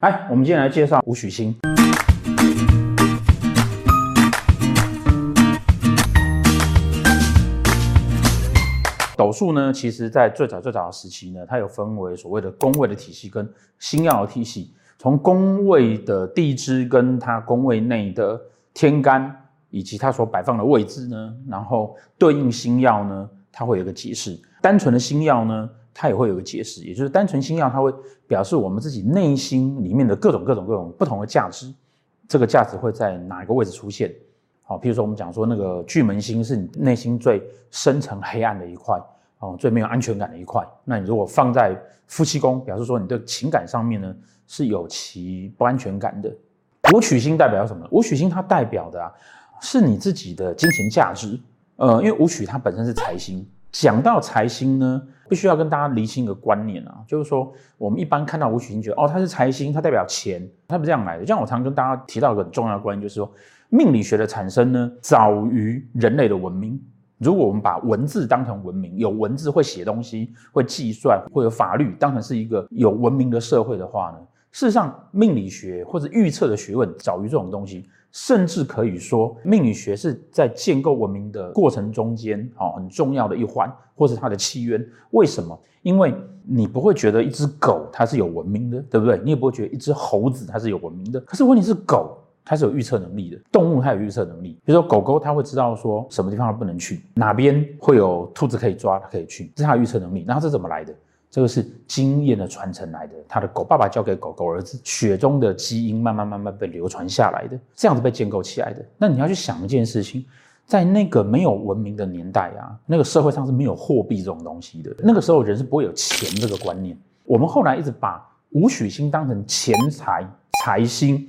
來，我們今天來介紹武曲星。斗數呢，其實在最早最早的時期呢，它有分為所謂的宮位的體系跟星耀的體系。從宮位的地支跟它宮位內的天干，以及它所擺放的位置呢，然後對應星耀呢，它會有一個解釋。單純的星耀呢。它也會有個解釋，也就是單純星曜，它會表示我們自己內心裡面的各種各種各種不同的價值，這個價值會在哪一個位置出現？好，哦，譬如說我們講說那個巨門星是你內心最深層黑暗的一塊，哦，最沒有安全感的一塊。那你如果放在夫妻宮，表示說你的情感上面呢是有其不安全感的。武曲星代表什麼？武曲星它代表的啊，是你自己的金錢價值。呃，因為武曲它本身是財星，講到財星呢。必須要跟大家釐清一個觀念啊，就是說我們一般看到武曲星，覺得哦，它是財星，它代表錢，它不是這樣來的。就像我常常跟大家提到一個很重要的觀念，就是說命理學的產生呢，早於人類的文明。如果我們把文字當成文明，有文字會寫東西，會計算，會有法律，當成是一個有文明的社會的話呢，事實上命理學或者預測的學問早於這種東西。甚至可以說，命理學是在建構文明的過程中間，哦，很重要的一環，或是它的契約。為什麼？因為你不會覺得一隻狗它是有文明的，對不對？你也不會覺得一隻猴子它是有文明的。可是問題是狗，狗它是有預測能力的，動物它有預測能力。比如說，狗狗它會知道說什麼地方它不能去，哪邊會有兔子可以抓，它可以去，這是它的預測能力。那它是怎麼來的？這個是經驗的傳承來的，他的狗爸爸教給狗狗兒子，血中的基因慢慢慢慢被流傳下來的，這樣子被建構起來的。那你要去想一件事情，在那個沒有文明的年代啊，那個社會上是沒有貨幣這種東西的，那個時候人是不會有錢這個觀念。我們後來一直把武曲星當成錢財財星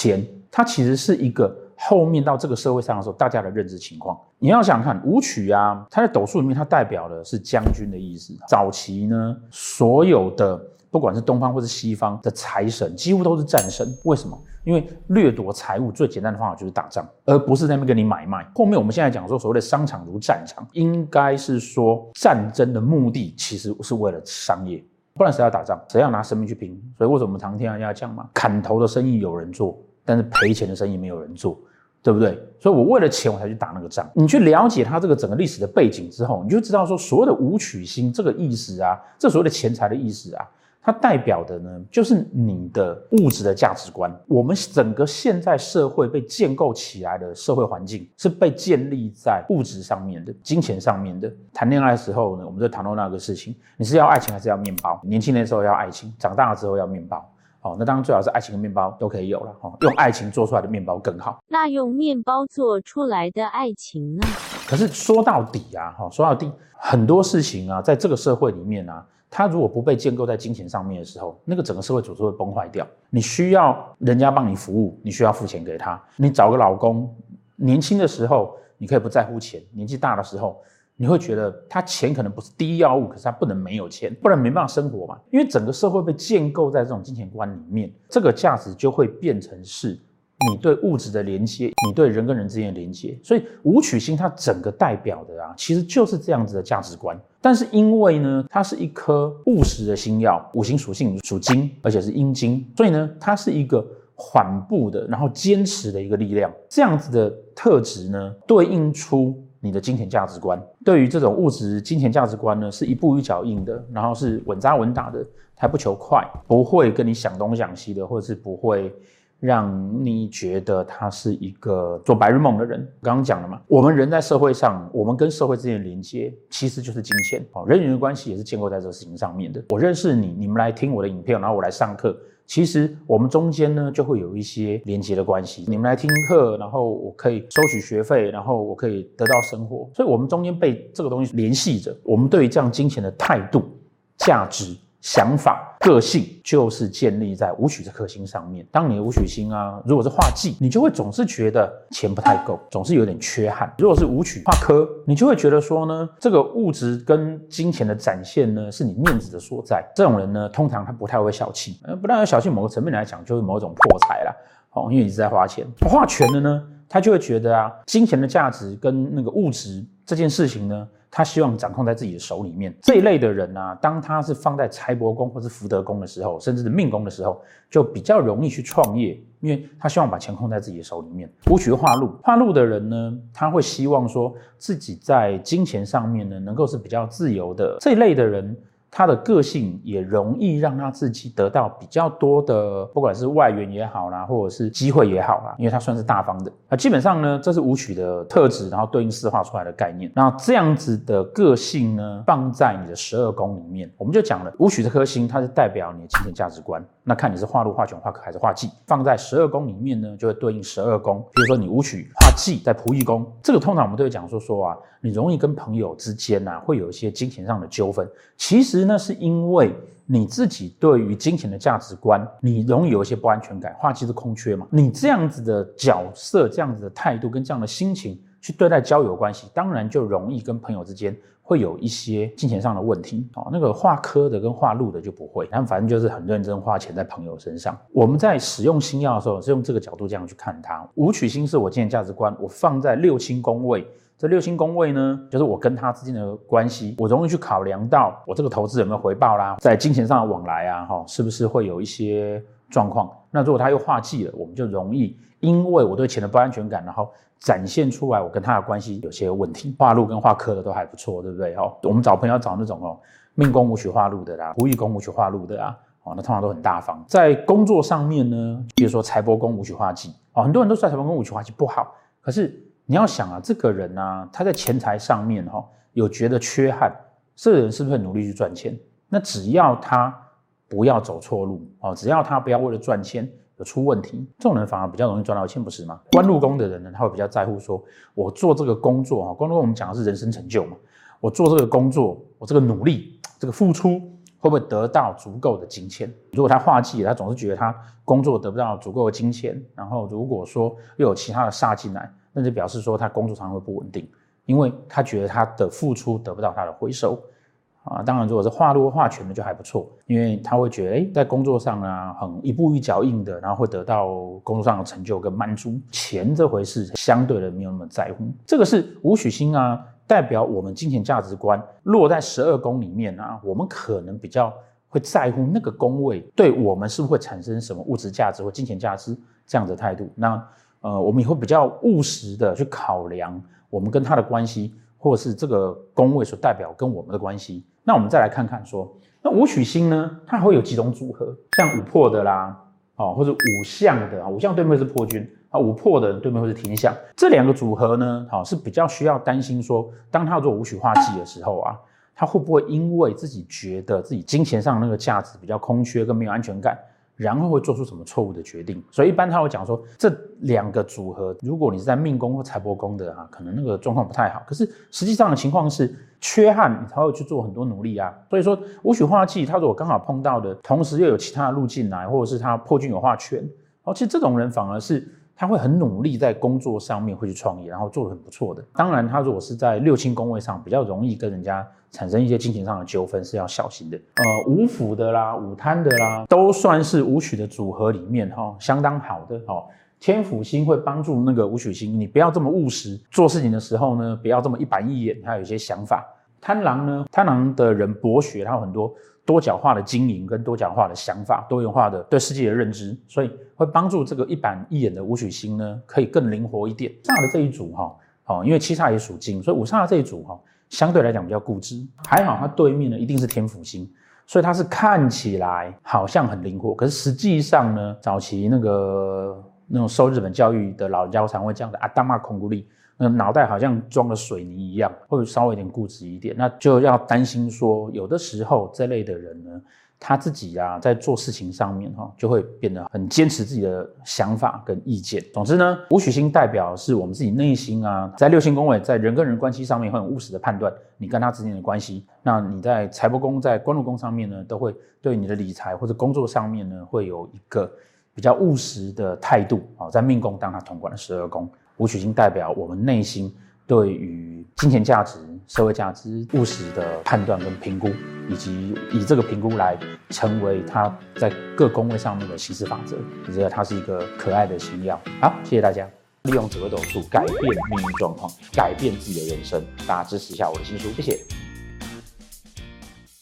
錢，它其實是一個後面到這個社會上的時候大家的認知情況。你要想看，武曲啊，它在斗數裡面，它代表的是將軍的意思。早期呢，所有的不管是東方或是西方的財神，幾乎都是戰神。為什麼？因為掠奪財物最簡單的方法就是打仗，而不是在那邊跟你買賣。後面我們現在講說，所謂的商場如戰場，應該是說戰爭的目的其實是為了商業，不然誰要打仗？誰要拿生命去拼？所以為什麼我們常聽人家講嘛，砍頭的生意有人做，但是賠錢的生意沒有人做。對不對？所以我為了錢我才去打那個仗。你去了解它這個整個歷史的背景之後，你就知道說，所有的武曲星這個意思啊，這所謂的錢財的意思啊，它代表的呢，就是你的物質的價值觀。我們整個現在社會被建構起來的社會環境，是被建立在物質上面的、金錢上面的。談戀愛的時候呢，我們在談論那個事情，你是要愛情還是要麵包？年輕的時候要愛情，長大了之後要麵包。哦，那當然最好是愛情和麵包都可以有了。哦，用愛情做出來的麵包更好。那用麵包做出來的愛情呢？可是說到底啊，哈、哦，說到底很多事情啊，在這個社會裡面啊，它如果不被建構在金錢上面的時候，那個整個社會組織會崩壞掉。你需要人家幫你服務，你需要付錢給他。你找個老公，年輕的時候你可以不在乎錢，年紀大的時候。你會覺得他錢可能不是第一要務，可是他不能沒有錢，不然沒辦法生活嘛。因為整個社會被建構在這種金錢觀裡面，這個價值就會變成是你對物質的連接，你對人跟人之間的連接。所以武曲星它整個代表的啊，其實就是這樣子的價值觀。但是因為呢，它是一顆務實的星曜，五行屬性屬金，而且是陰金，所以呢，它是一個緩步的，然後堅持的一個力量。這樣子的特質呢，對應出。你的金錢價值觀，對於這種物質金錢價值觀呢，是一步一腳印的，然後是穩紮穩打的，他不求快，不會跟你想東想西的，或者是不會讓你覺得他是一個做白日夢的人。剛剛講了嘛，我們人在社會上，我們跟社會之間的連接其實就是金錢，哦，人與人關係也是建構在這個事情上面的。我認識你，你們來聽我的影片，然後我來上課。其實我們中間呢就會有一些連接的關係。你們來聽課，然後我可以收取學費，然後我可以得到生活。所以，我們中間被這個東西聯繫着。我們對於這樣金錢的態度、價值。想法、個性就是建立在武曲這顆星上面。當你的武曲星啊，如果是化忌，你就會總是覺得錢不太夠，總是有點缺憾。如果是武曲化科，你就會覺得說呢，這個物質跟金錢的展現呢，是你面子的所在。這種人呢，通常他不太會小氣，呃，不但要小氣。某個層面來講，就是某種破財啦哦，因為一直在花錢。化權了呢，他就會覺得啊，金錢的價值跟那個物質這件事情呢。他希望掌控在自己的手裡面。這一類的人啊，當他是放在財帛宮或是福德宮的時候，甚至是命宮的時候，就比較容易去創業，因為他希望把錢控在自己的手裡面。武曲化祿，化祿的人呢，他會希望說自己在金錢上面呢，能夠是比較自由的。這一類的人。他的個性也容易讓他自己得到比較多的，不管是外援也好啦、啊，或者是機會也好啦、啊，因為他算是大方的。那基本上呢，這是武曲的特質，然後對應四化出來的概念。那這樣子的個性呢，放在你的十二宮裡面，我們就講了武曲這顆星，它是代表你的金錢價值觀。那看你是化祿、化權、化科還是化忌，放在十二宮裡面呢，就會對應十二宮。比如說你武曲。忌在僕役宮，這個通常我們都會講說說啊，你容易跟朋友之間吶、啊，會有一些金錢上的糾紛。其實呢，是因為你自己對於金錢的價值觀，你容易有一些不安全感，化忌是空缺嘛。你這樣子的角色，這樣子的態度，跟這樣的心情去對待交友關係，當然就容易跟朋友之間。會有一些金錢上的問題，哦，那個化科的跟化祿的就不會，他們反正就是很認真花錢在朋友身上。我們在使用星曜的時候，是用這個角度這樣去看它。武曲星是我金錢價值觀，我放在六親宮位。這六親宮位呢，就是我跟他之間的關係，我容易去考量到我這個投資有沒有回報啦，在金錢上的往來啊，哈，是不是會有一些。狀況，那如果他又化忌了，我們就容易因為我對錢的不安全感，然後展現出來我跟他的關係有些有問題。化祿跟化科的都還不錯，對不對？哦，我們找朋友找那種哦，命宮武曲化祿的啦，啊，福易宮武曲化祿的啊，哦，那通常都很大方。在工作上面呢，比如說財帛宮武曲化忌，哦，很多人都說財帛宮武曲化忌不好，可是你要想啊，這個人呢，啊，他在錢財上面哈，哦，有覺得缺憾，這個人是不是很努力去賺錢？那只要他。不要走錯路哦，只要他不要為了賺錢而出問題，這種人反而比較容易賺到錢，不是嗎？官祿宮的人呢，他會比較在乎說，我做這個工作哈，官祿宮我們講的是人生成就嘛，我做這個工作，我這個努力這個付出會不會得到足夠的金錢？如果他化忌，他總是覺得他工作得不到足夠的金錢，然後如果說又有其他的煞進來，那就表示說他工作上會不穩定，因為他覺得他的付出得不到他的回收。啊，當然，如果是化祿化權的就還不錯，因為他會覺得，誒在工作上啊，很一步一腳印的，然後會得到工作上的成就跟滿足。錢這回事，相對的沒有那麼在乎。這個是武曲星啊，代表我們金錢價值觀。落在十二宮裡面啊，我們可能比較會在乎那個宮位對我們是不是會產生什麼物質價值或金錢價值這樣的態度。那呃，我們也會比較務實的去考量我們跟他的關係。或者是這個宮位所代表跟我們的關係，那我們再來看看說，那武曲星呢，它還會有幾種組合，像武破的啦，哦，或者武相的五啊，武相對面是破軍啊，武破的對面會是天相，這兩個組合呢，好、哦、是比較需要擔心說，當他要做武曲化忌的時候啊，他會不會因為自己覺得自己金錢上那個價值比較空缺跟沒有安全感？然後會做出什麼錯誤的決定？所以一般他會講說，這兩個組合，如果你是在命宮或財帛宮的啊，可能那個狀況不太好。可是實際上的情況是缺憾，他會去做很多努力啊。所以說，武曲化忌，他如果剛好碰到的同時又有其他的路徑來、啊，或者是他破軍有化權，哦，其實這種人反而是。他會很努力在工作上面會去創業，然後做得很不錯的。當然，他如果是在六親宮位上，比較容易跟人家產生一些金錢上的糾紛，是要小心的。呃，武府的啦，武貪的啦，都算是武曲的組合裡面哈、哦，相當好的。哦，天府星會幫助那個武曲星，你不要這麼務實，做事情的時候呢，不要這麼一板一眼，他有一些想法。貪狼呢，貪狼的人博學，他有很多。多角化的經營跟多角化的想法，多元化的對世界的認知，所以會幫助這個一板一眼的武曲星呢，可以更靈活一點。那的這一組哈、哦，哦，因為七煞也屬金，所以武煞的這一組哈、哦，相對來講比較固執。還好它對面呢，一定是天府星，所以它是看起來好像很靈活，可是實際上呢，早期那個那種受日本教育的老教材常會這樣的，阿達馬孔古力。那腦袋好像裝了水泥一樣，會稍微有點固執一點，那就要擔心說，有的時候這類的人呢，他自己啊，在做事情上面哈、哦，就會變得很堅持自己的想法跟意見。總之呢，武曲星代表是我們自己內心啊，在六星宮位，在人跟人關係上面會很務實的判斷你跟他之間的關係。那你在財帛宮、在官祿宮上面呢，都會對你的理財或者工作上面呢，會有一個比較務實的態度啊，在命宮當他統管十二宮。武曲星代表我們內心對於金錢價值、社會價值、務實的判斷跟評估，以及以這個評估來成為他在各宮位上面的行事法則。我覺得它是一個可愛的星曜。好，謝謝大家。利用紫微斗數改變命運狀況，改變自己的人生。大家支持一下我的新書，謝謝。